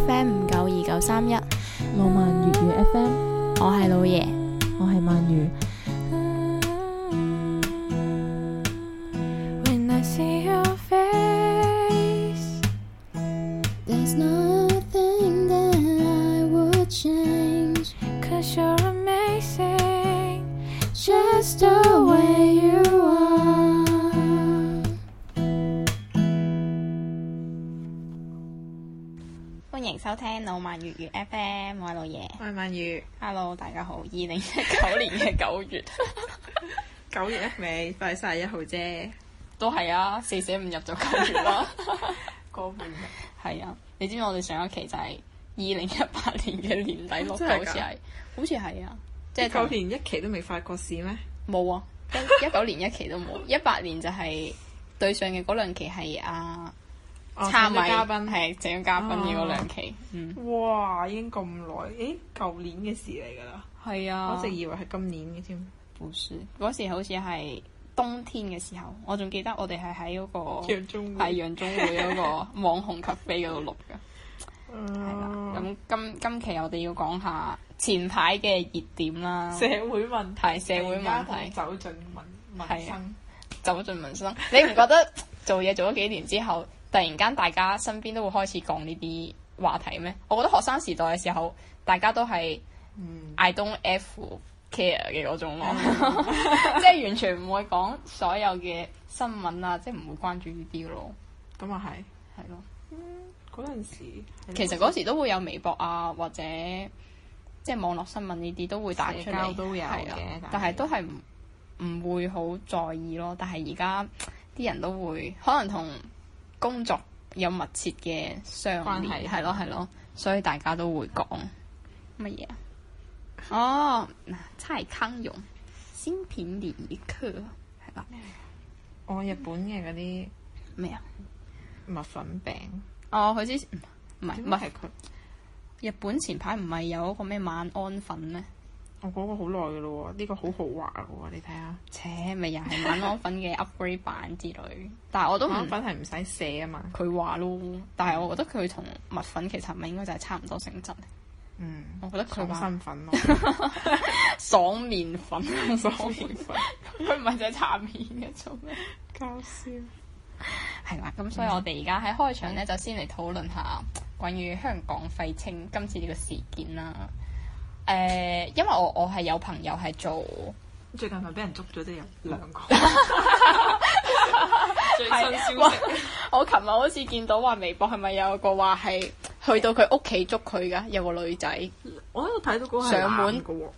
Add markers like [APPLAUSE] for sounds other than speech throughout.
F M 五九二九三一浪漫粵語 F M，我係老爺，我係鰻魚。 [MUSIC] [MUSIC] 萬月語 FM，我係老爺，我係萬月。Hello，大家好，二零一九年嘅九月， [LAUGHS] [LAUGHS] [LAUGHS] 九月一尾快晒一號啫，都係啊，四捨五入就九月啦 [LAUGHS] 對。過半係啊，你知唔知我哋上一期就係二零一八年嘅年底，六好似係，好似係啊，即係九年一期都未發過市咩？冇啊，一九年一期都冇，一八 [LAUGHS] 年就係對上嘅嗰兩期係啊。參加嘉賓係正經嘉賓嘅嗰兩期，哇，已經咁耐，誒，舊年嘅事嚟噶啦，係啊，我直以為係今年嘅添，唔算。嗰時好似係冬天嘅時候，我仲記得我哋係喺嗰個係楊忠會嗰個網紅咖啡嗰度錄嘅，係啦，咁今今期我哋要講下前排嘅熱點啦，社會問題，社會問題，走進民民生，走進民生，你唔覺得做嘢做咗幾年之後？突然間，大家身邊都會開始講呢啲話題咩？我覺得學生時代嘅時候，大家都係 I don't care 嘅嗰種咯，嗯、 [LAUGHS] 即係完全唔會講所有嘅新聞啊，即係唔會關注呢啲咯。咁啊係，係咯。嗯，嗰陣時，時其實嗰時都會有微博啊，或者即係網絡新聞呢啲都會打出嚟都有嘅，啊、但係是都係唔唔會好在意咯。但係而家啲人都會可能同工作有密切嘅相連，關係咯，係咯，所以大家都會講乜嘢啊？麼哦，蔡康永新片第一刻係吧？哦，日本嘅嗰啲咩啊？蜜麼粉餅哦，佢之前唔係唔係佢日本前排唔係有個咩晚安粉咩？我嗰、講過好耐嘅咯喎，呢個好豪華嘅喎，你睇下。切，咪又係晚安粉嘅 upgrade 版之類。 [LAUGHS] 但係我都晚安粉係唔使卸啊嘛。佢話咯，但係我覺得佢同蜜粉其實咪應該就係差唔多性質。嗯。我覺得佢話。爽身粉咯。 [LAUGHS] 爽面粉，爽面粉。佢唔係就係擦面嘅做咩？搞笑。係啦 [LAUGHS] 嗎，咁、嗯、所以我哋而家喺開場咧，就先嚟討論下關於香港廢青今次呢個事件啦。誒，因為我我係有朋友係做，最近咪俾人捉咗啲人兩個？ [LAUGHS] [LAUGHS] [LAUGHS] 最新消息，我琴日好似見到話微博係咪有個話係去到佢屋企捉佢噶，有個女仔。我喺度睇到嗰個上門嘅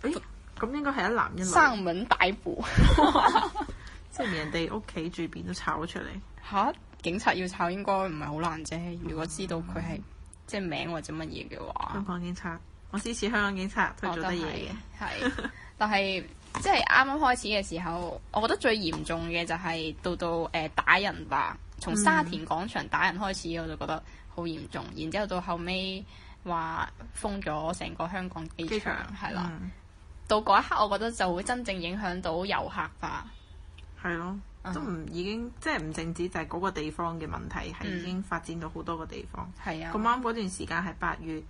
咁、欸、應該係一男一女，生門逮捕， [LAUGHS] [LAUGHS] 即係人哋屋企住邊都抄咗出嚟。嚇！警察要抄應該唔係好難啫，如果知道佢係、嗯嗯嗯、即係名或者乜嘢嘅話。香港警察。我支持香港警察去做得嘢嘅，係，但係即係啱啱開始嘅時候，我覺得最嚴重嘅就係到到誒打人吧，從沙田廣場打人開始，我就覺得好嚴重。然之後到後尾話封咗成個香港機場，係啦，到嗰一刻我覺得就會真正影響到遊客吧。係咯，都唔已經即係唔淨止就係嗰個地方嘅問題，係已經發展到好多個地方。係啊，咁啱嗰段時間係八月。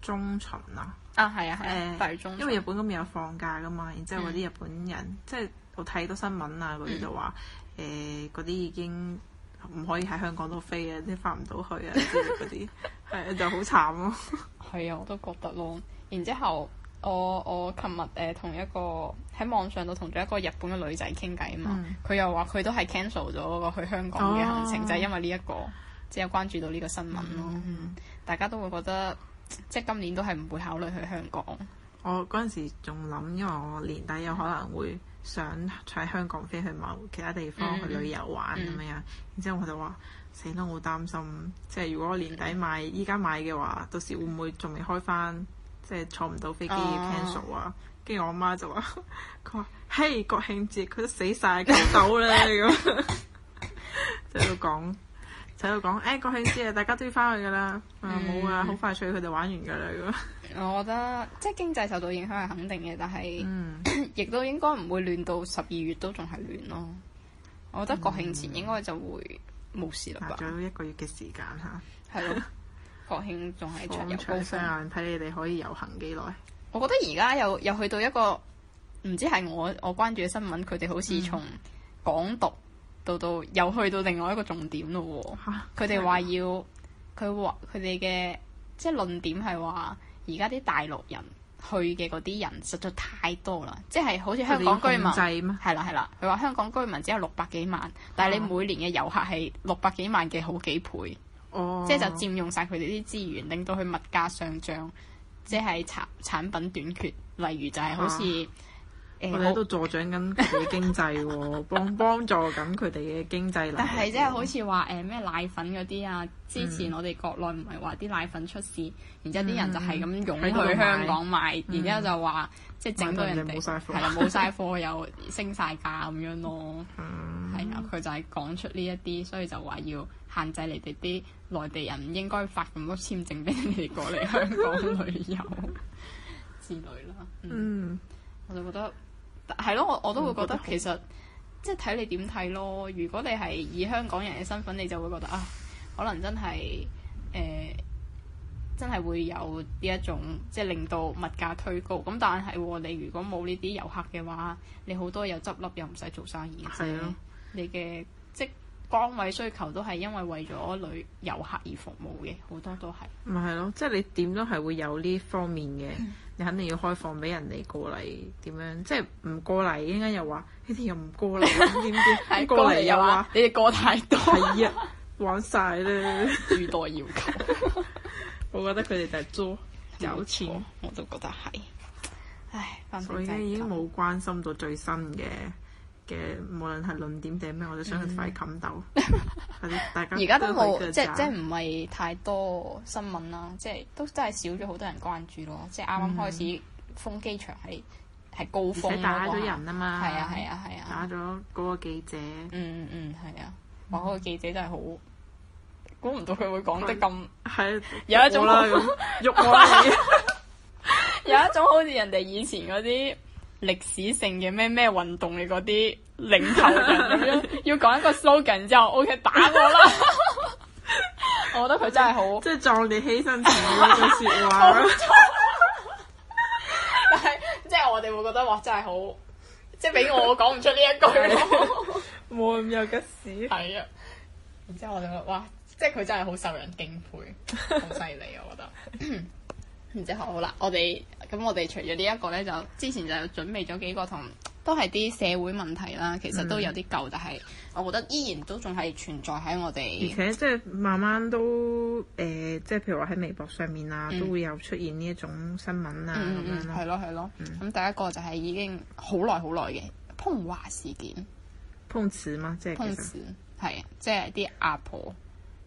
中旬啊，啊係啊係，誒，因為日本嗰邊有放假噶嘛，然之後嗰啲日本人即係我睇到新聞啊，嗰啲就話誒嗰啲已經唔可以喺香港都飛啊，即係翻唔到去啊，嗰啲係就好慘咯。係啊，我都覺得咯。然之後我我琴日誒同一個喺網上度同咗一個日本嘅女仔傾偈啊嘛，佢又話佢都係 cancel 咗嗰個去香港嘅行程，就係因為呢一個即係關注到呢個新聞咯。大家都會覺得。即係今年都係唔會考慮去香港。 [NOISE] 我嗰陣時仲諗，因為我年底有可能會想喺香港飛去某其他地方去旅遊玩咁、嗯嗯、樣。然之後我就話：死我好擔心，即係如果我年底買，依家買嘅話，到時會唔會仲未開翻，即係坐唔到飛機 cancel 啊？跟住、哦、我媽就話：佢話嘿國慶節佢都死晒，曬到啦咁，喺度講。 [NOISE] 睇度講誒國慶節啊，大家都要翻去噶啦，冇、嗯、啊，好快脆佢哋玩完噶啦咁。我覺得即係經濟受到影響係肯定嘅，但係亦、嗯、都應該唔會亂到十二月都仲係亂咯。我覺得國慶前應該就會冇事啦吧。仲有一個月嘅時間嚇，係咯了， [LAUGHS] 國慶仲係出遊高峰。長眼睇你哋可以遊行幾耐。我覺得而家又又去到一個唔知係我我關注嘅新聞，佢哋好似從港獨。到到又去到另外一個重點咯喎，佢哋話要佢話佢哋嘅即係論點係話，而家啲大陸人去嘅嗰啲人實在太多啦，即係好似香港居民，係啦係啦，佢話香港居民只有六百幾萬，但係你每年嘅遊客係六百幾萬嘅好幾倍，啊、即係就佔用晒佢哋啲資源，令到佢物價上漲，即係產產品短缺，例如就係好似。啊我喺度助長緊佢經濟喎，幫幫助緊佢哋嘅經濟啦。但係即係好似話誒咩奶粉嗰啲啊，之前我哋國內唔係話啲奶粉出事，然之後啲人就係咁湧去香港買，然之後就話即係整到人哋，係啦冇晒貨又升晒價咁樣咯。係啊，佢就係講出呢一啲，所以就話要限制你哋啲內地人唔應該發咁多簽證俾你哋過嚟香港旅遊之類啦。嗯，我就覺得。係咯，我我都會覺得其實、嗯、得即係睇你點睇咯。如果你係以香港人嘅身份，你就會覺得啊，可能真係誒、呃，真係會有呢一種即係令到物價推高。咁但係你如果冇呢啲遊客嘅話，你好多又執笠又唔使做生意嘅啫。係咯，你嘅即崗位需求都係因為為咗旅遊客而服務嘅，好多都係。唔係咯，即係你點都係會有呢方面嘅，嗯、你肯定要開放俾人哋過嚟點樣？即係唔過嚟，應該又話？你哋又唔過嚟，點點？ [LAUGHS] 過嚟又話你哋過太多，係啊，玩晒啦，諸多，多要求。 [LAUGHS] [LAUGHS] 我覺得佢哋就係租，有錢我都覺得係。唉，反正咧已經冇關心到最新嘅。嘅，無論係論點定咩，我都想佢快啲冚唞。而家都冇，即即唔係太多新聞啦，即都真係少咗好多人關注咯。即啱啱開始，封機場係係高峰打咗人啊嘛。係啊係啊係啊！打咗嗰個記者。嗯嗯嗯，係啊！哇，個記者真係好，估唔到佢會講得咁。係，有一種喐有一種好似人哋以前嗰啲。歷史性嘅咩咩運動嘅嗰啲領頭人 [LAUGHS] 要講一個 slogan，之後 [LAUGHS] ，OK，打我啦！我覺得佢真係好，即係壯烈犧牲前嗰句說話 [LAUGHS] 不做 [LAUGHS] 但係即係我哋會覺得哇，真係好，即係俾我講唔出呢一句。冇 [LAUGHS] 咁 [LAUGHS] 有骨氣係啊。然之後我就話，哇 [LAUGHS] C ases，即係佢真係好受人敬佩，好犀利啊！我覺得。然之後好啦，我哋。咁我哋除咗呢一個咧，就之前就準備咗幾個，同都係啲社會問題啦。其實都有啲舊，嗯、但係我覺得依然都仲係存在喺我哋。而且即係慢慢都誒，即、呃、係、就是、譬如話喺微博上面啊，嗯、都會有出現呢一種新聞啊咁樣咯。係咯係咯。咁、嗯嗯嗯、第一個就係已經好耐好耐嘅碰華事件。碰瓷嗎？即係碰瓷係啊，即係啲阿婆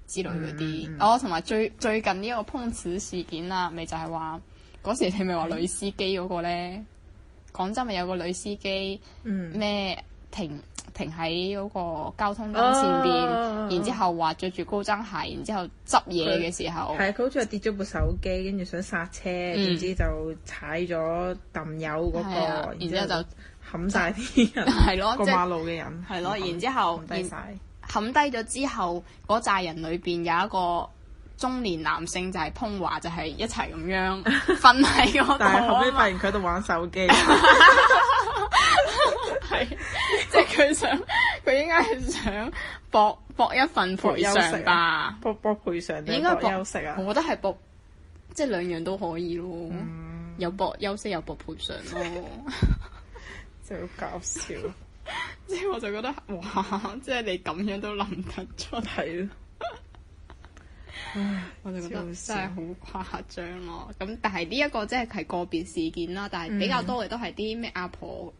之類啲。哦、嗯，同、嗯、埋、嗯 oh, 最最近呢一個碰瓷事件啊，咪就係話。嗰時你咪話女司機嗰個咧，廣州咪有個女司機，咩停停喺嗰個交通燈前邊，然之後話着住高踭鞋，然之後執嘢嘅時候，係佢好似係跌咗部手機，跟住想剎車，總之就踩咗揼油嗰個，然之後就冚晒啲人，係咯，過馬路嘅人，係咯，然之後冚低晒。冚低咗之後，嗰扎人裏邊有一個。中年男性就係通話，就係一齊咁樣瞓喺度。 [LAUGHS] 但係後尾發現佢喺度玩手機，係 [LAUGHS] [LAUGHS] [LAUGHS] 即係佢想，佢應該係想博博一份賠償吧？博博賠償定博休息啊？息啊我覺得係博，即係兩樣都可以咯，嗯、有博休息有陪上、啊，有博賠償咯，就好搞笑。即 [LAUGHS] 係 [LAUGHS] [LAUGHS] 我就覺得哇，即係你咁樣都諗得出嚟。唉，我就覺得真係好誇張咯。咁但係呢一個即係係個別事件啦，但係比較多嘅都係啲咩阿婆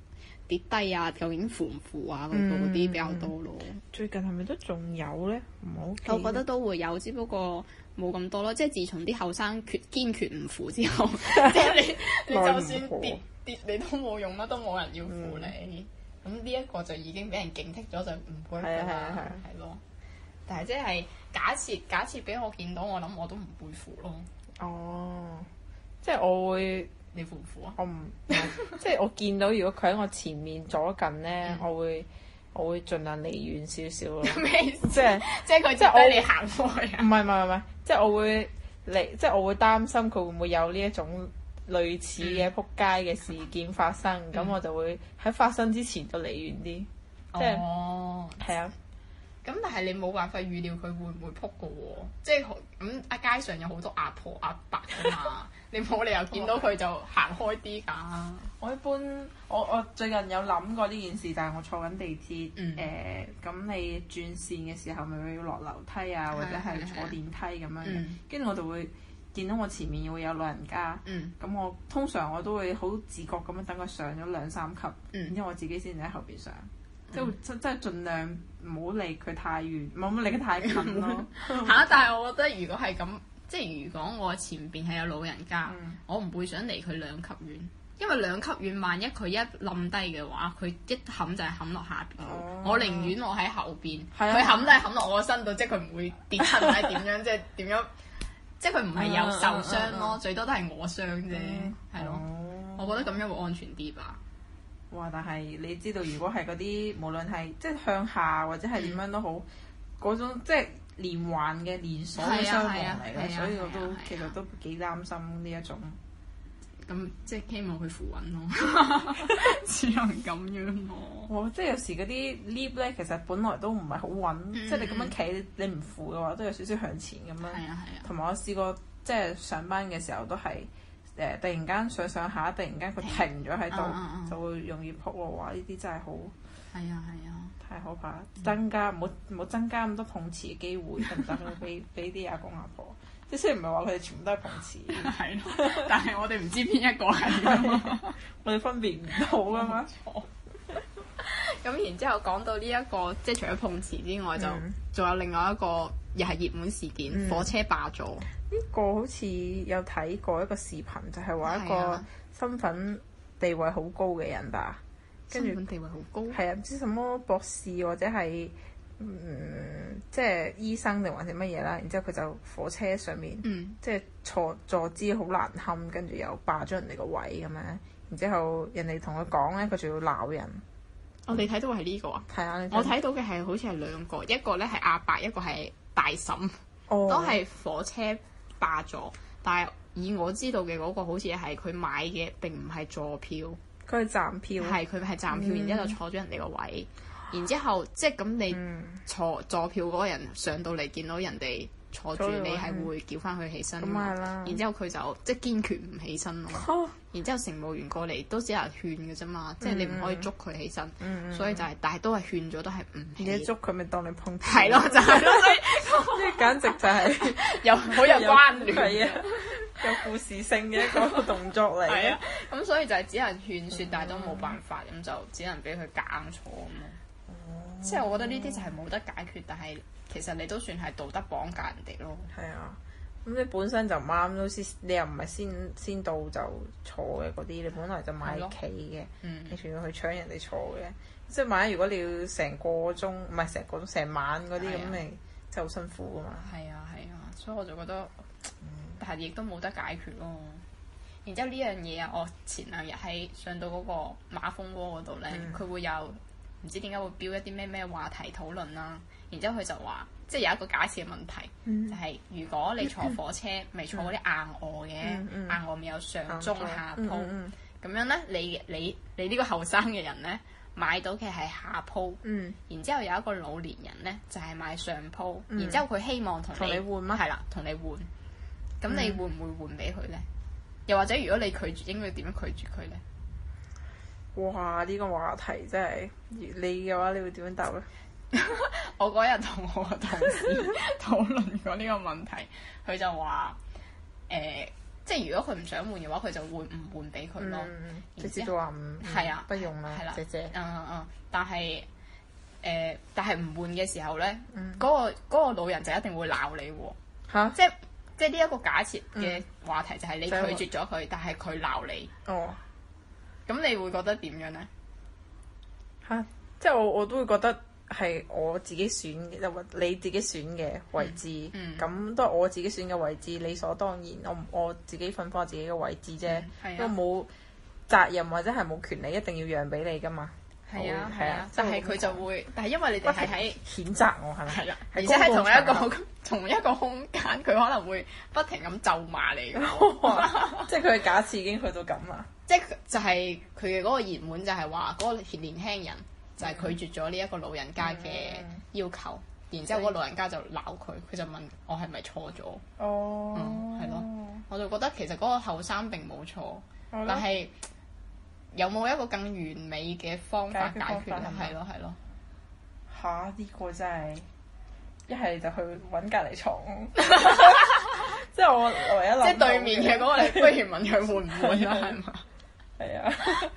跌低啊，究竟扶唔扶啊嗰啲比較多咯。最近係咪都仲有咧？我我覺得都會有，只不過冇咁多咯。即係自從啲後生決堅決唔扶之後，即係你你就算跌跌，你都冇用，乜都冇人要扶你。咁呢一個就已經俾人警惕咗，就唔會啦。係係但係即係假設假設俾我見到，我諗我都唔背負咯。哦，即係我會你背唔背啊？我唔即係我見到，如果佢喺我前面左近咧，我會我會盡量離遠少少咯。咩？即係即係佢即係我行開啊？唔係唔係唔係，即係我會離，即係我會擔心佢會唔會有呢一種類似嘅撲街嘅事件發生，咁我就會喺發生之前就離遠啲。即係哦，係啊。咁但係你冇辦法預料佢會唔會撲噶喎，即係咁啊！街上有好多阿婆阿伯噶嘛， [LAUGHS] 你冇理由見到佢就行開啲噶。我一般我我最近有諗過呢件事，但係我坐緊地鐵，誒咁、嗯呃、你轉線嘅時候，咪會要落樓梯啊，或者係坐電梯咁樣，跟住我就會見到我前面會有老人家，咁、嗯、我通常我都會好自覺咁樣等佢上咗兩三級，然之後我自己先至喺後邊上，嗯、即係即，即，即盡量。唔好離佢太遠，冇冇離得太近咯。嚇！ [LAUGHS] 但係我覺得如果係咁，即係如果我前邊係有老人家，嗯、我唔會想離佢兩級遠，因為兩級遠，萬一佢一冧低嘅話，佢一冧就係冧落下邊。哦、我寧願我喺後邊，佢冧都係冧落我身度，即係佢唔會跌親或者點樣，即係點樣，即係佢唔係有受傷咯，嗯、最多都係我傷啫，係、嗯、咯。我覺得咁樣會安全啲吧。哇！但係你知道，如果係嗰啲無論係即係向下或者係點樣都好，嗰種即係連環嘅連鎖嘅傷害嚟嘅，所以我都其實都幾擔心呢一種。咁即係希望佢扶穩咯，只能咁樣咯。即係有時嗰啲 lift 咧，其實本來都唔係好穩，即係你咁樣企，你唔扶嘅話，都有少少向前咁樣。係啊係啊。同埋我試過即係上班嘅時候都係。誒，突然間上上下，突然間佢停咗喺度，啊啊啊啊就會容易撲落話，呢啲真係好係啊係啊，太可怕！嗯、增加唔好唔好增加咁多碰瓷嘅機會，得唔得俾俾啲阿公阿婆，即雖然唔係話佢哋全部都係碰瓷，但係我哋唔知邊一個係，我哋分辨唔到噶嘛。 [LAUGHS] 咁然之後講到呢、這、一個，即係除咗碰瓷之外，就仲、嗯、有另外一個又係熱門事件，嗯、火車霸座。呢個好似有睇過一個視頻，就係、是、話一個身份地位好高嘅人吧，跟住、啊、身份地位好高，係啊，唔知什麼博士或者係嗯即係醫生定還是乜嘢啦。然之後佢就火車上面，嗯、即係坐坐姿好難堪，跟住又霸咗人哋個位咁樣。然之後人哋同佢講咧，佢仲要鬧人。我哋睇到係呢個啊，我睇到嘅係好似係兩個，一個咧係阿伯，一個係大嬸，都係火車霸座。但係以我知道嘅嗰個，好似係佢買嘅並唔係坐票，佢係站票。係，佢係站票，嗯、然之後就坐咗人哋個位，然之後即係咁，你坐坐票嗰個人上到嚟見到人哋。坐住，你係會，會叫翻佢起身咁咪啦。嗯、然之後佢就即係、就是、堅決唔起身咯。喔、然之後乘務員過嚟都只能勸嘅啫嘛，即係、嗯、你唔可以捉佢起身。所以就係，但係都係勸咗，都係唔起。你一捉佢咪當你碰？係咯，就係咯，即係簡直就係又好有關聯嘅，有故事性嘅一個動作嚟嘅。咁所以就係只能勸説，但係都冇辦法，咁就只能俾佢硬坐咁咯。嗯、即係我覺得呢啲就係冇得解決，嗯、但係其實你都算係道德綁架人哋咯。係啊，咁你本身就唔啱咯，先你又唔係先先到就坐嘅嗰啲，你本來就買企嘅，咯你仲要去搶人哋坐嘅，嗯、即係萬一如果你要成個鐘，唔係成個鐘，成晚嗰啲咁咪就好辛苦啊嘛。係啊係啊，啊，所以我就覺得，嗯、但係亦都冇得解決咯。然之後呢樣嘢啊，我前兩日喺上到嗰個馬蜂窩嗰度咧，佢、嗯、會有。唔知點解會標一啲咩咩話題討論啦、啊，然之後佢就話，即係有一個假設嘅問題，嗯、就係如果你坐火車，未、嗯、坐嗰啲硬卧嘅，嗯嗯、硬卧未有上中下鋪，咁、嗯嗯、樣咧，你你你個呢個後生嘅人咧，買到嘅係下鋪，嗯、然之後有一個老年人咧，就係、是、買上鋪，嗯、然之後佢希望同你換嗎？係啦，同你換，咁、嗯、你會唔會換俾佢咧？又或者如果你拒絕，應該點樣拒絕佢咧？哇！呢個話題真係，你嘅話你會點樣答咧？我嗰日同我同事討論過呢個問題，佢就話：誒，即係如果佢唔想換嘅話，佢就會唔換俾佢咯。直接都話係啊，不用啦。係啦，姐姐。嗯嗯嗯，但係誒，但係唔換嘅時候咧，嗰個嗰個老人就一定會鬧你喎。嚇！即係即係呢一個假設嘅話題，就係你拒絕咗佢，但係佢鬧你。哦。咁你會覺得點樣呢？嚇！即係我我都會覺得係我自己選嘅位，你自己選嘅位置。嗯。咁都係我自己選嘅位置，理所當然。我我自己瞓翻自己嘅位置啫。都冇責任或者係冇權利一定要讓俾你噶嘛。係啊係啊！但係佢就會，但係因為你哋係喺譴責我係咪？係啊。而且係同一個同一個空間，佢可能會不停咁咒罵你。即係佢嘅假設已經去到咁啦。即係就係佢嘅嗰個疑問就係話嗰個年年輕人、嗯、就係拒絕咗呢一個老人家嘅要求，然之後嗰個老人家就鬧佢，佢就問我係咪錯咗？哦、oh. 嗯，係咯，我就覺得其實嗰個後生並冇錯，oh. 但係有冇一個更完美嘅方法解決咧？係咯，係咯，吓呢個真係一係就去搵隔籬床，即係我唯一即係對面嘅嗰個，你不如問佢換唔換啦，係嘛？係啊，Yeah. [LAUGHS] at Christmas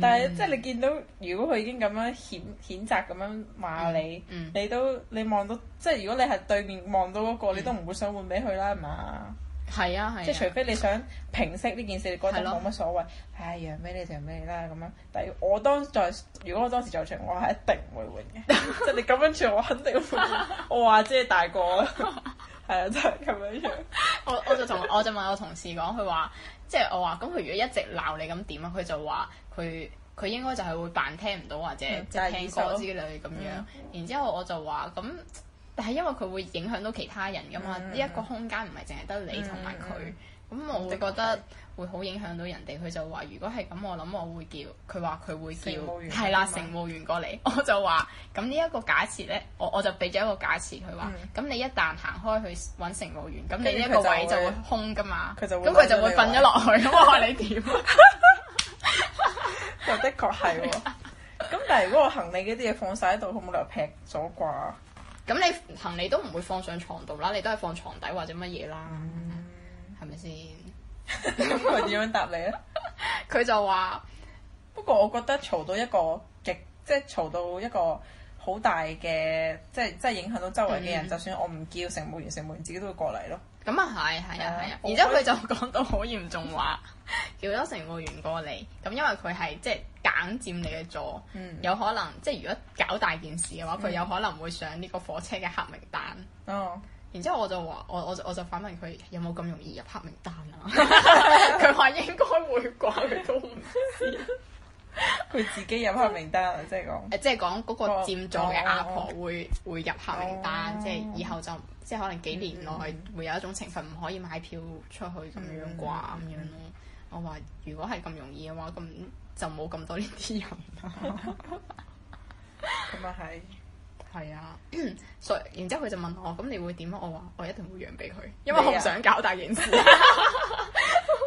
但係即係你見到，如果佢已經咁樣譴譴責咁樣罵你，嗯嗯你都你望到，即係如果你係對面望到嗰個，你都唔會想換俾佢啦，係嘛？係啊，係啊。即係除非你想平息呢件事，你覺得冇乜所謂，唉，讓俾你就讓俾你啦咁樣。但係我當在，如果我當時在場我係一定唔會換嘅。即係你咁樣住，我肯定會換 [LAUGHS] 我話知你大個啦。係啊，就係咁樣樣。我我就同我就問我，我同事講，佢話。即係我話，咁佢如果一直鬧你咁點啊？佢就話佢佢應該就係會扮聽唔到或者即係聽錯之類咁樣。 [MUSIC] 然之後我就話咁，但係因為佢會影響到其他人㗎嘛，呢一 [MUSIC] 個空間唔係淨係得你同埋佢。 [MUSIC] 咁我會覺得會好影響到人哋。佢就話：如果係咁，我諗我會叫佢話佢會叫係啦，乘務員過嚟。我就話：咁呢一個假設咧，我我就俾咗一個假設佢話：咁你一旦行開去揾乘務員，咁你呢一個位就會空噶嘛。咁佢就會瞓咗落去。我話你點？就的確係。咁但係如果我行李嗰啲嘢放晒喺度，佢冇理由劈咗啩？咁你行李都唔會放上床度啦，你都係放床底或者乜嘢啦。係咪先？佢點樣答你咧？佢 [LAUGHS] 就話說：不過我覺得嘈到一個極，即係嘈到一個好大嘅，即係即係影響到周圍嘅人。嗯、就算我唔叫乘務員，乘務員自己都會過嚟咯。咁啊係，係、嗯嗯、啊，係啊。然之後佢就講到好嚴重話， [LAUGHS] 叫咗乘務員過嚟。咁因為佢係即係揀佔你嘅座，嗯、有可能即係、就是、如果搞大件事嘅話，佢有可能會上呢個火車嘅黑名單。嗯、哦。然之後我就話我我我就反問佢有冇咁容易入黑名單啊？佢話 [LAUGHS] [LAUGHS] 應該會啩，佢都唔知。佢 [LAUGHS] 自己入黑名單 [LAUGHS] 即係講誒，即係講嗰個佔座嘅阿婆會會入黑名單，哦、即係以後就即係可能幾年內會有一種情況唔可以買票出去咁樣啩咁、嗯嗯嗯、樣咯。我話如果係咁容易嘅話，咁就冇咁多呢啲人。咁又係。 [LAUGHS] 係是啊，所 [COUGHS] 然之後佢就問我，咁你會點啊？我話我一定會養俾佢，因為我唔想搞大件事、啊。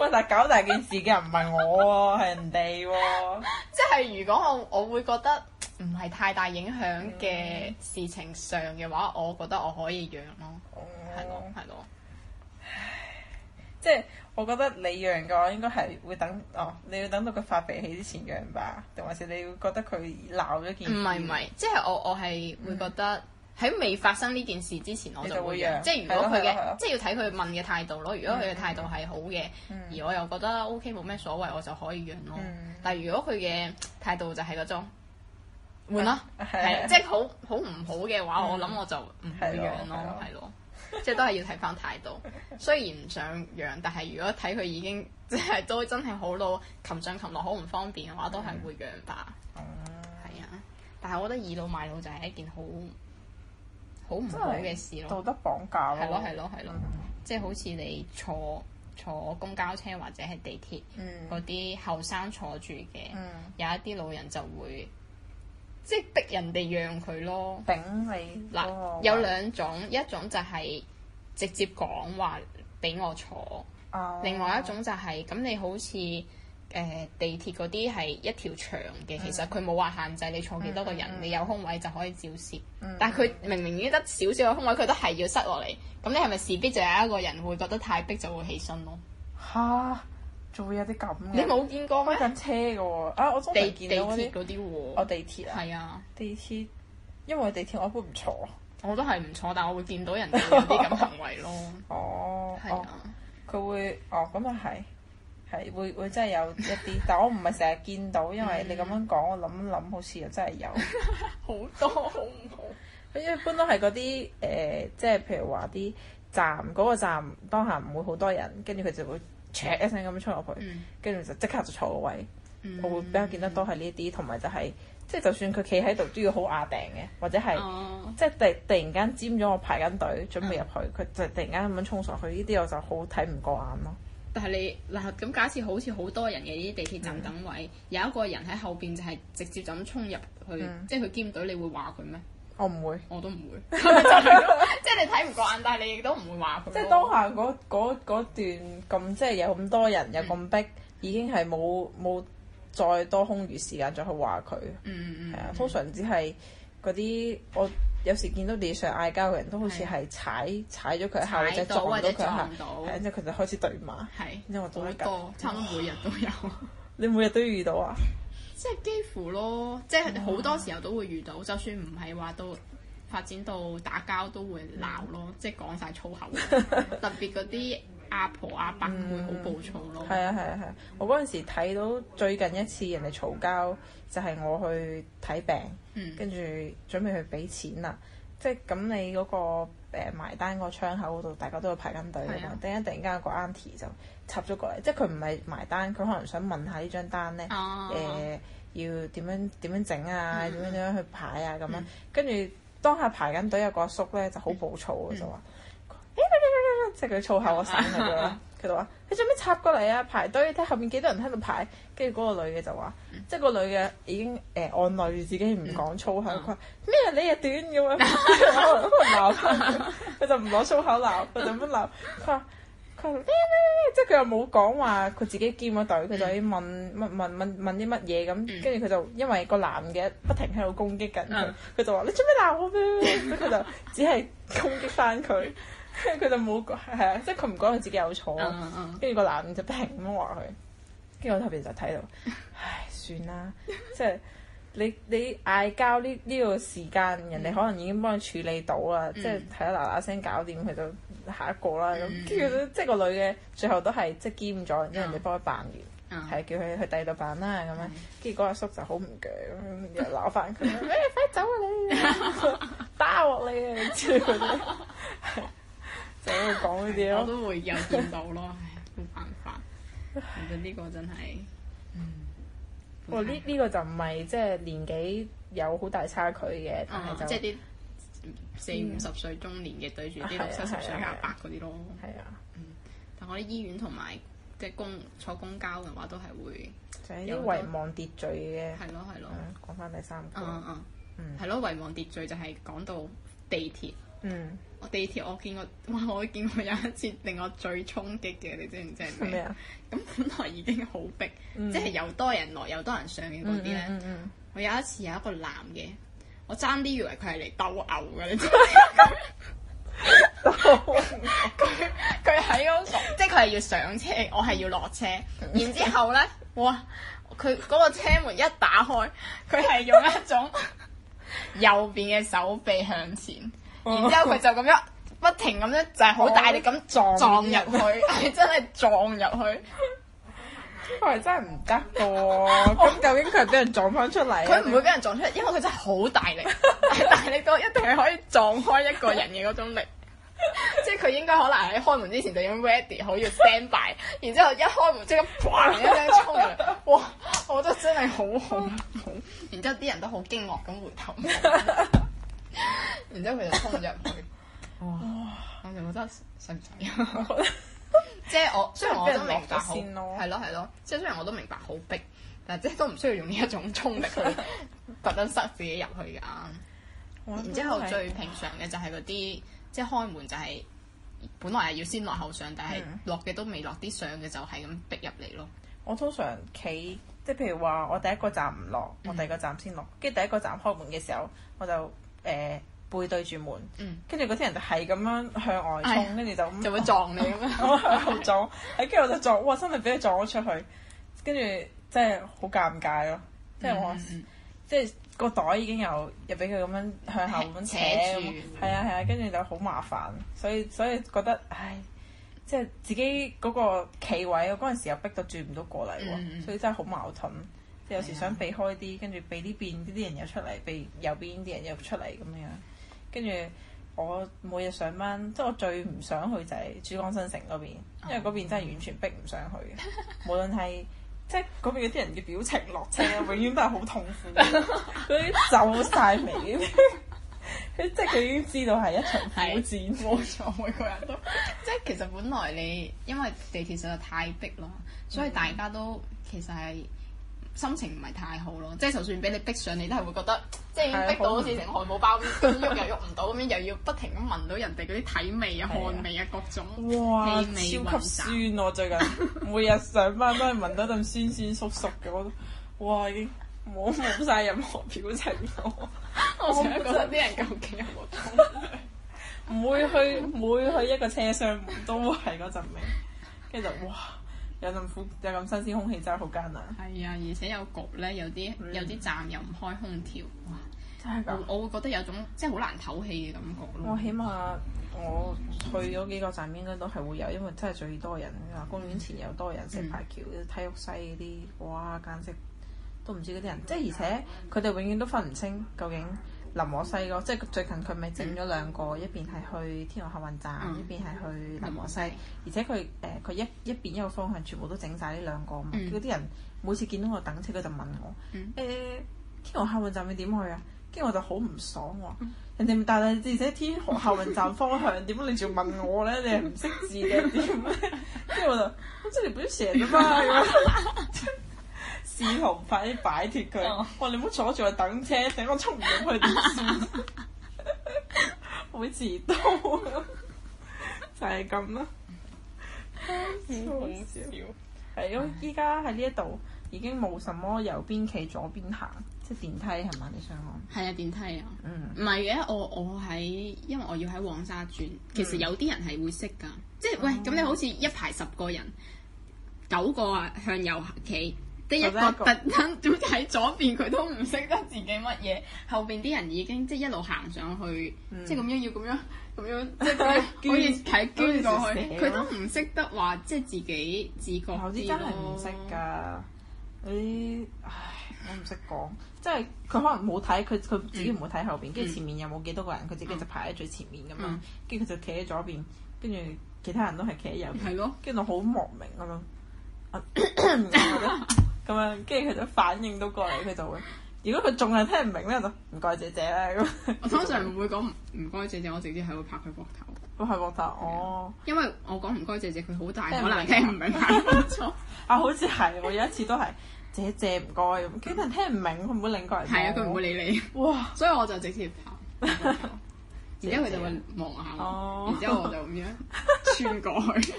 喂， [LAUGHS] 但係搞大件事嘅人唔係我，係 [LAUGHS] 人哋喎。即係如果我我會覺得唔係太大影響嘅事情上嘅話，我覺得我可以養、嗯、咯，係咯係咯。即係我覺得你讓嘅話，應該係會等哦，你要等到佢發脾氣之前讓吧，定還是你要覺得佢鬧咗件事？唔係唔係，即係我我係會覺得喺未發生呢件事之前我就會讓，會讓即係如果佢嘅即係要睇佢問嘅態度咯。如果佢嘅態度係好嘅，而我又覺得 O K 冇咩所謂，我就可以讓咯。但係如果佢嘅態度就係嗰種換啦，即係、係、好好唔好嘅話，我諗我就唔會讓咯，係咯。 [LAUGHS] 即係都係要睇翻態度，雖然唔想養，但係如果睇佢已經即係都真係好老，擒上擒落好唔方便嘅話，都係會養吧。哦、嗯，係啊，但係我覺得倚老賣老就係一件好，好唔好嘅事咯。道德綁架咯，係咯係咯係咯，即係、嗯、好似你坐坐公交車或者係地鐵嗰啲後生坐住嘅，嗯、有一啲老人就會。即係逼人哋讓佢咯，頂你嗱嘖有兩種，一種就係直接講話俾我坐，oh. 另外一種就係、是、咁你好似誒、呃、地鐵嗰啲係一條長嘅，其實佢冇話限制你坐幾多個人，mm hmm. 你有空位就可以照攝。Mm hmm. 但係佢明明已經得少少嘅空位，佢都係要塞落嚟。咁你係咪勢必就有一個人會覺得太逼就會起身咯？吓！ [NOISE] 仲會有啲咁嘅，你冇見過咩，推緊車嘅喎，啊！我都地地鐵嗰啲喎，哦地鐵啊，係啊，地鐵，因為地鐵我一般唔坐，我都係唔坐，但我會見到人哋有啲咁行為咯。 [LAUGHS] 哦，啊、哦，佢會，哦，咁啊係，係會會，會真係有一啲，但我唔係成日見到， [LAUGHS] 因為你咁樣講，我諗諗好似又真係有 [LAUGHS] 好多好唔好？佢 [LAUGHS] [LAUGHS] 一般都係嗰啲誒，即係譬如話啲站嗰、嗰個站當下唔會好多人，跟住佢就會。一聲咁樣衝落去，跟住、嗯、就即刻就坐個位。嗯、我會比較見得多係呢啲，同埋、嗯、就係即係就算佢企喺度都要好亞定嘅，或者係、哦、即係突突然間佔咗我排緊隊準備入去，佢、嗯、就突然間咁樣衝上去，呢啲我就好睇唔過眼咯。但係你嗱咁，假設好似好多人嘅呢啲地鐵站等位，嗯、有一個人喺後邊就係直接就咁衝入去，嗯、即係佢兼隊，你會話佢咩？我唔會，我都唔會，即係你睇唔慣，但係你亦都唔會話佢。即係當下嗰段咁，即係有咁多人有咁逼，已經係冇冇再多空餘時間再去話佢。嗯嗯嗯。係啊，通常只係嗰啲我有時見到地上嗌交嘅人都好似係踩踩咗佢一下，或者撞到佢一下，係，然之後佢就開始對罵。係。因為我做差唔多每日都有。你每日都遇到啊？即係幾乎咯，即係好多時候都會遇到，嗯、就算唔係話到發展到打交，都會鬧咯，嗯、即係講晒粗口。 [LAUGHS] 特別嗰啲阿婆阿伯會好暴躁咯。係、嗯、啊係啊係、啊！我嗰陣時睇到最近一次人哋嘈交，就係、是、我去睇病，跟住準備去俾錢啦。嗯、即係咁你嗰、那個埋單個窗口嗰度，大家都要排緊隊㗎嘛。突然間個 auntie 就～插咗過嚟，即係佢唔係埋單，佢可能想問下呢張單咧，誒、oh. 呃、要點樣點樣整啊，點 [NOISE] 樣點樣去排啊咁 [NOISE] 樣。跟住當下排緊隊有個阿叔咧就好暴躁，就話：誒，即係佢粗口醒佢啦。佢 [LAUGHS] 就話：你做咩插過嚟啊？排隊睇後面幾多人喺度排。跟住嗰個女嘅就話： [NOISE] 即係個女嘅已經誒按耐住自己唔講粗口，佢話咩你又短咁樣，跟住可能鬧佢，佢就唔攞粗口鬧，佢就咁樣鬧。 [LAUGHS] 咧咧 [NOISE] 即係佢又冇講話佢自己兼嗰隊，佢就喺問 [NOISE] 問問問啲乜嘢咁，跟住佢就因為個男嘅不停喺度攻擊緊佢，佢就話，你做咩鬧我咩？佢 [LAUGHS] 就只係攻擊翻佢，佢 [LAUGHS] 就冇係啊，即係佢唔講佢自己有錯。跟住 [NOISE] 個男就不停咁話佢，跟住我後邊就睇到，唉，算啦， [LAUGHS] 即係。你你嗌交呢呢個時間，人哋可能已經幫你處理到啦，即係睇得嗱嗱聲搞掂佢就下一個啦。咁跟住都即係個女嘅最後都係即係兼咗，因為人哋幫佢辦完，係叫佢去第二度辦啦咁樣。跟住嗰阿叔就好唔鋸，又鬧翻佢，咩快走啊你，打落你啊！喺度講呢啲，我都會有見到咯，冇辦法，其實呢個真係。哇！呢呢、哦、對個就唔係即係年紀有好大差距嘅，嗯、但係就即係啲四五十歲中年嘅對住啲六七十歲阿伯嗰啲咯。係啊、嗯，嗯，但我啲醫院同埋即係公坐公交嘅話都，都係會就係啲遺忘秩序嘅。係咯係咯，講返、嗯、第三個。嗯嗯嗯，係咯、嗯，遺忘秩序就係講到地鐵。嗯。嗯。地鐵我見過，哇！我見過有一次令我最衝擊嘅，你知唔知係咩啊？咁本來已經好逼，嗯、即係又多人嚟、又多人上嘅嗰啲咧。嗯嗯嗯嗯，我有一次有一個男嘅，我爭啲以為佢係嚟鬥牛㗎，你知唔知佢佢喺嗰即係佢係要上車，我係要落車。嗯嗯、然之後咧，哇！佢嗰個車門一打開，佢係用一種 [LAUGHS] [LAUGHS] 右邊嘅手臂向前。然之後佢就咁樣不停咁樣就係好大力咁撞入去，係 [LAUGHS] 真係撞入去，係、哎、真係唔得喎。咁 [LAUGHS] 究竟佢係俾人撞返出嚟？佢唔會俾人撞出嚟，因為佢真係好大力，係 [LAUGHS] 大力到一定係可以撞開一個人嘅嗰種力。 [LAUGHS] [LAUGHS] 即係佢應該可能喺開門之前就已經 ready，好要 stand by。然之後一開門即刻砰一聲衝入嚟，哇！我覺得真係好恐怖。 [LAUGHS] 然之後啲人都好驚愕咁回頭。 [LAUGHS] [LAUGHS] 然之後佢就衝咗入去，哇！ [LAUGHS] [LAUGHS] 就我真係使唔使？即係 [LAUGHS] 我雖然我都明白，係咯係咯，即係雖然我都明白好逼，但係即係都唔需要用呢一種衝力去特登塞自己入去㗎。 [LAUGHS] [LAUGHS] 然之後最平常嘅就係嗰啲，即係開門就係本來係要先落後上，但係落嘅都未落啲上嘅就係咁逼入嚟咯。我通常企，即係譬如話我第一個站唔落，我第二個站先落，跟住、嗯、第一個站開門嘅時候我就。誒背對住門，跟住嗰啲人就係咁樣向外衝，跟住就就會撞你咁樣，向後撞，喺跟住我就撞，哇！真係俾佢撞咗出去，跟住真係好尷尬咯，即係我即係個袋已經有，又俾佢咁樣向後咁扯住，係啊係啊，跟住就好麻煩，所以所以覺得唉，即係自己嗰個企位，嗰陣時又逼到轉唔到過嚟喎，所以真係好矛盾。即有時想避開啲，跟住避呢邊啲人又出嚟，避右邊啲人又出嚟咁樣。跟住我每日上班，即我最唔想去就係珠江新城嗰邊，因為嗰邊真係完全逼唔上去嘅。哦嗯、無論係即嗰邊嗰啲人嘅表情落車， [LAUGHS] 永遠都係好痛苦。嗰啲皺晒眉，佢 [LAUGHS] 即佢已經知道係一場苦戰。冇錯，每個人都 [LAUGHS] 即其實本來你因為地鐵實在太逼囉，所以大家都其實係、嗯。心情唔係太好咯，即係就算俾你逼上，你都係會覺得，即係逼到好似成個漢堡包，喐又喐唔到咁樣，又要不停咁聞到人哋嗰啲體味啊、汗味啊 [LAUGHS] 各種。哇，氣味，超級酸。我最近每日上班都係聞到咁酸酸縮縮嘅，我哇已經冇冇曬任何表情 [LAUGHS] 我成日覺得啲人究竟有冇痛？唔會 [LAUGHS] 去，唔會 [LAUGHS] 去一個車廂門都係嗰陣味，跟住就哇～ [LAUGHS] 有陣有咁新鮮空氣真係好艱難。係啊，而且有焗咧，有啲有啲站又唔開空調，哇！真係咁，我會覺得有種即係好難唞氣嘅感覺咯。我起碼我去咗幾個站，應該都係會有，因為真係最多人。公園前又多人，石牌橋、體育、嗯、西啲，哇！簡直都唔知嗰啲人，即係、嗯、而且佢哋、嗯、永遠都分唔清究竟。林和西咯，即係最近佢咪整咗兩個，嗯、一邊係去天河客運站，嗯、一邊係去林和西。嗯、而且佢誒佢一一邊一個方向，全部都整晒呢兩個。咁啲、嗯、人每次見到我等車，佢就問我：誒、嗯 eh，天河客運站你點去啊？跟住 [LAUGHS] 我就好唔爽喎。人哋大你，而且天河客運站方向，點解你仲問我咧？你係唔識字定點咧？跟住我就：咁即係你表姐啊嘛！ [LAUGHS] [LAUGHS] 試圖快啲擺脫佢，嗯、哇！你唔好坐住啊，等車，等我衝唔到去點算？ [LAUGHS] [LAUGHS] 好遲到、啊、 [LAUGHS] 就係咁啦，超、嗯，、 [LAUGHS] 笑。係咯，依家喺呢一度已經冇什麼右邊企左邊行，即係電梯係嘛？你想？係啊，電梯啊。嗯。唔係嘅，我我喺，因為我要喺黃沙轉。其實有啲人係會識㗎，嗯、即係喂咁你好似一排十個人，九個啊向右企。啲一個特登，點解喺左邊佢都唔識得自己乜嘢？後邊啲人已經即係一路行上去，即係咁樣要咁樣咁樣，即係可以睇捐過去。佢都唔識得話，即係自己自覺。好似真係唔識㗎，你唉，我唔識講。即係佢可能冇睇，佢佢自己唔會睇後邊，跟住前面又冇幾多個人，佢自己就排喺最前面咁樣。跟住佢就企喺左邊，跟住其他人都係企喺右邊，係囉，跟住我好莫名咁樣。咁樣，跟住佢就反應到過嚟，佢就會。如果佢仲係聽唔明咧，就唔該姐姐咧。咁我通常唔會講唔唔該姐姐，我直接係會拍佢膊頭。拍膊頭哦，因為我講唔該姐姐，佢好大可能聽唔明。冇錯。啊，好似係，我有一次都係姐姐唔該，佢但係聽唔明，佢唔會擰過嚟。係啊，佢唔會理你。哇！所以我就直接拍，然之後佢就會望下，哦，然之後我就咁樣串過去。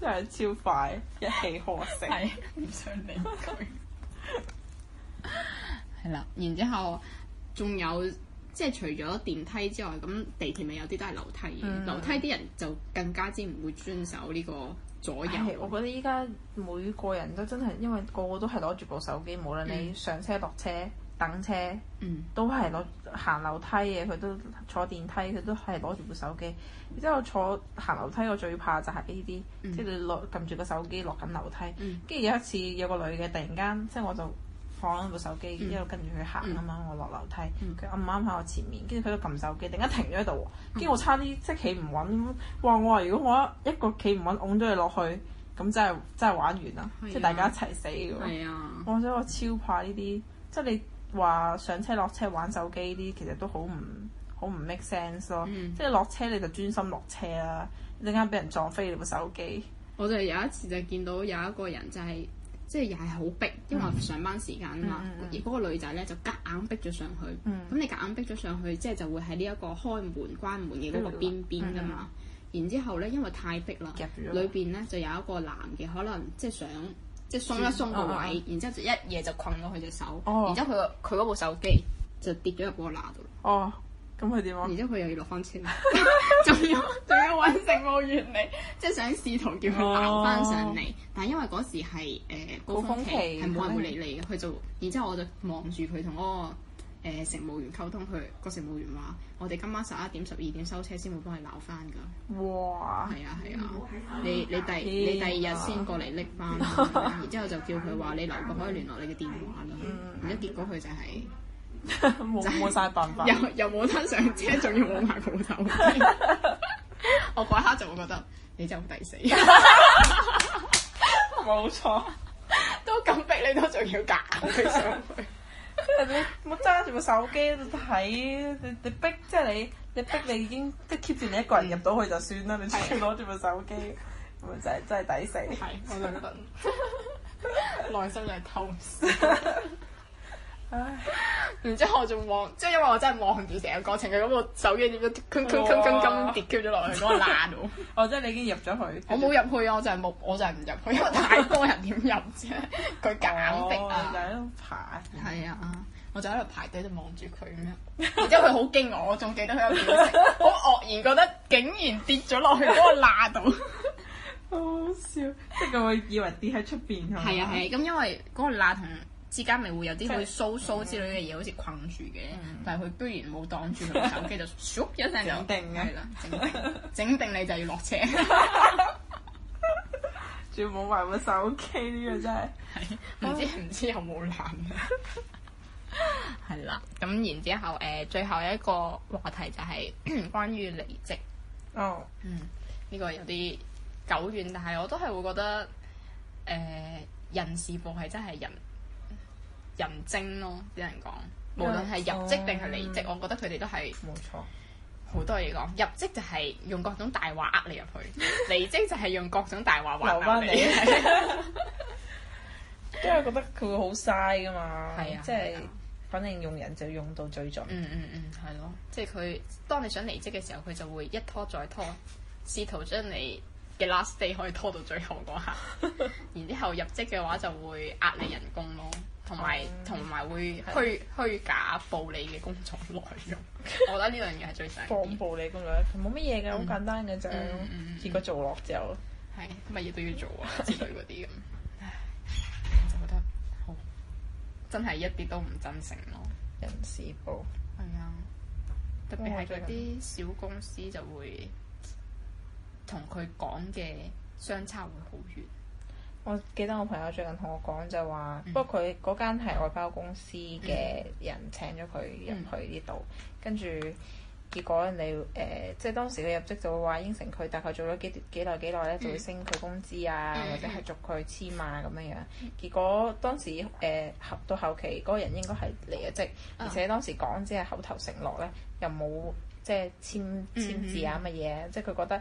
真係超快，一氣呵成，唔 [LAUGHS] 想理佢。係啦， [LAUGHS] [LAUGHS] [LAUGHS] 然之後仲有，即係除咗電梯之外，咁地鐵咪有啲都係樓梯嘅，嗯、樓梯啲人就更加之唔會遵守呢個左右。係，我覺得依家每個人都真係，因為個個都係攞住部手機，無論你上車落、嗯、車。等車都係攞行樓梯嘅，佢都坐電梯，佢都係攞住部手機。然之後坐行樓梯，我最怕就係呢啲，即係落撳住個手機落緊樓梯。跟住有一次有個女嘅，突然間即係我就放咗部手機一路跟住佢行啊嘛，我落樓梯，佢啱啱喺我前面，跟住佢又撳手機，突然間停咗喺度，跟住我差啲即係企唔穩。哇！我話如果我一一個企唔穩，拱咗你落去，咁真係真係玩完啦，即係大家一齊死喎。我所以我超怕呢啲，即係你。話上車落車玩手機啲，其實都好唔好唔 make sense 咯。嗯、即係落車你就專心落車啦，一陣間俾人撞飛你部手機。我就有一次就見到有一個人就係、是，即係又係好逼，因為上班時間啊嘛。而嗰、嗯嗯嗯、個女仔咧就夾硬，硬逼咗上去。咁、嗯、你夾硬，硬逼咗上去，即、就、係、是、就會喺呢一個開門關門嘅嗰個邊邊㗎嘛。嗯嗯、然之後咧，因為太逼啦，裏邊咧就有一個男嘅，可能即係想。即鬆一鬆個位，oh. 然之後一就一夜就困咗佢隻手，oh. 然之後佢個佢嗰部手機就跌咗入個罅度。哦、oh.，咁佢點啊？然之後佢又要落翻車啦，仲要仲要揾乘務員嚟，即係想試圖叫佢捱翻上嚟，oh. 但係因為嗰時係、呃、高峰期，係冇人會理你嘅，佢就，然之後我就望住佢同嗰個。哦誒，乘務員溝通佢，個乘務員話：我哋今晚十一點、十二點收車，先會幫你攋翻㗎。哇！係啊係啊，你你第你第二日先過嚟拎翻，然之後就叫佢話你留個可以聯絡你嘅電話啦。唔知結果佢就係，冇晒辦法，又又冇得上車，仲要冇埋鋪頭。我嗰刻就會覺得你真係抵死，冇錯，都咁逼你都仲要搞佢上去。 [LAUGHS] 你唔好揸住部手機喺，你你逼即係、就是、你，你逼你已經即係 keep 住你一個人入到去就算啦，你攞住部手機，咪 [LAUGHS] 真係真係抵死。係，我就覺得內心就係痛。 [LAUGHS] 唉，然之後我仲望，即係因為我真係望住成個過程嘅，咁我手機跌咗，咁咁咁咁跌咗落去嗰個罅度。哦，即係你已經入咗去。我冇入去啊，我就係冇，我就係唔入去，因為太多人點入啫？佢硬力啊，就喺度排。係啊，我就喺度排隊，就望住佢咁樣。然之後佢好驚我，我仲記得佢有，好愕然覺得竟然跌咗落去嗰個罅度。好笑，即係佢以為跌喺出邊係咪？係啊係，咁因為嗰個罅同。之間咪會有啲會騷騷之類嘅嘢，好似困住嘅。但係佢居然冇擋住佢部、嗯、手機，就咻一聲就定嘅係啦，整整定， [LAUGHS] 定你就要落車，仲要冇埋部手機呢、這個真係唔 [LAUGHS] [LAUGHS] 知唔知有冇難啊。係 [LAUGHS] 啦、 [LAUGHS] 嗯，咁然之後誒，最後一個話題就係關於離職哦。嗯，呢、這個有啲久遠，但係我都係會覺得誒、呃、人事部係真係人。人精咯，啲人講，無論係入職定係離職，我覺得佢哋都係冇錯，好多嘢講。入職就係用各種大話呃你入去，離職就係用各種大話留翻你。因為我覺得佢會好嘥噶嘛，即係，反正用人就用到最盡。嗯嗯嗯，係咯，即係佢當你想離職嘅時候，佢就會一拖再拖，試圖將你嘅 last day 可以拖到最後嗰下。然之後入職嘅話就會呃你人工咯。同埋同埋會虛虛假報你嘅工作內容， [LAUGHS] 我覺得呢樣嘢係最成。放報你嘅內容，冇乜嘢嘅，好簡單嘅就。結果、嗯、做落之後，係乜嘢都要做啊，之類嗰啲咁，就覺得好真係一啲都唔真誠咯。 [LAUGHS] 人事部係啊 [LAUGHS] 對，特別係嗰啲小公司就會同佢講嘅相差會好遠。.我記得我朋友最近同我講就話，嗯、不過佢嗰間係外包公司嘅人請咗佢入去呢度，嗯嗯、跟住結果你，誒即係當時佢入職就會話應承佢，但係做咗幾幾耐幾耐咧就會升佢工資啊，嗯嗯、或者係續佢簽啊咁樣樣。嗯、結果當時誒、呃、後到後期嗰個人應該係離咗職，而且當時講只係口頭承諾咧，又冇。即係簽簽字啊乜嘢，即係佢覺得誒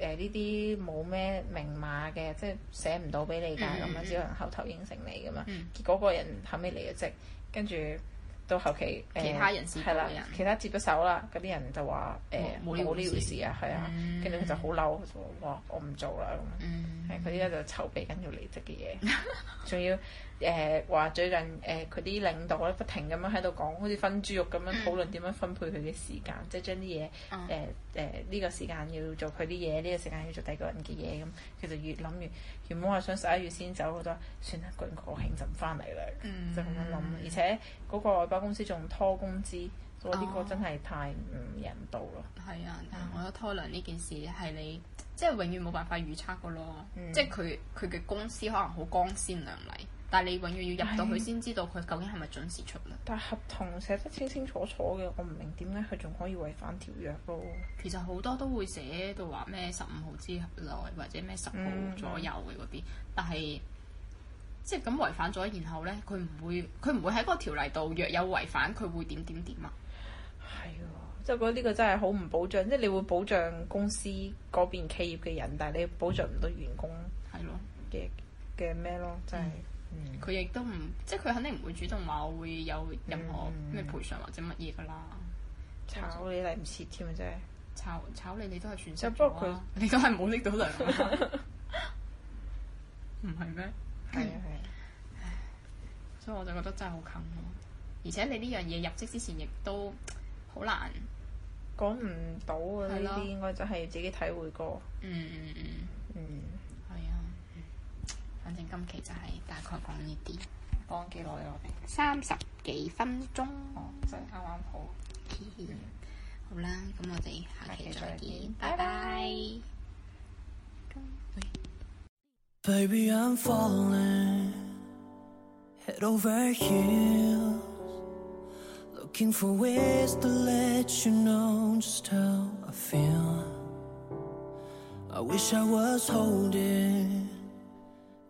誒呢啲冇咩名碼嘅，即係寫唔到俾你㗎咁樣，只能口頭應承你咁樣。嗯、結果嗰個人後尾離咗職，跟住到後期、呃、其他人係啦的，其他接咗手啦，嗰啲人就話誒冇呢回事啊，係、嗯、啊、嗯嗯，跟住佢就好嬲，佢就話哇我唔做啦咁樣，係佢依家就籌備緊要離職嘅嘢，仲要。誒話最近誒佢啲領導咧，不停咁樣喺度講，好似分豬肉咁樣討論點樣分配佢嘅時間，即係將啲嘢誒誒呢個時間要做佢啲嘢，呢個時間要做第二個人嘅嘢咁。佢就越諗越原本話想十一月先走，覺得算啦，個人國慶就唔翻嚟啦，就咁樣諗。而且嗰個外包公司仲拖工資，我呢個真係太唔人道咯。係啊，但係我覺得拖糧呢件事係你即係永遠冇辦法預測噶咯，即係佢佢嘅公司可能好光鮮亮麗。但係你永遠要入到去先知道佢究竟係咪準時出糧。但係合同寫得清清楚楚嘅，我唔明點解佢仲可以違反條約咯。其實好多都會寫到話咩十五號之內，或者咩十號左右嘅嗰啲，嗯、但係即係咁違反咗，然後咧佢唔會佢唔會喺嗰個條例度若有違反，佢會點點點啊？係啊、哦，即係覺得呢個真係好唔保障，即、就、係、是、你會保障公司嗰邊企業嘅人，但係你保障唔到員工係咯嘅嘅咩咯，真係。嗯佢亦都唔，即係佢肯定唔會主動話我會有任何咩賠償或者乜嘢噶啦。炒你嚟唔切添啊，真係炒炒你你都係全失，你都係冇拎到糧。唔係咩？係啊係。嗯、啊啊所以我就覺得真係好近。而且你呢樣嘢入職之前亦都好難講唔到啊！呢啲咯應該就係自己體會過。嗯嗯嗯嗯。嗯。反正今期就係大概講呢啲，講幾耐咯？三十幾分鐘，真啱啱好。好啦，咁我哋下期再見，拜拜。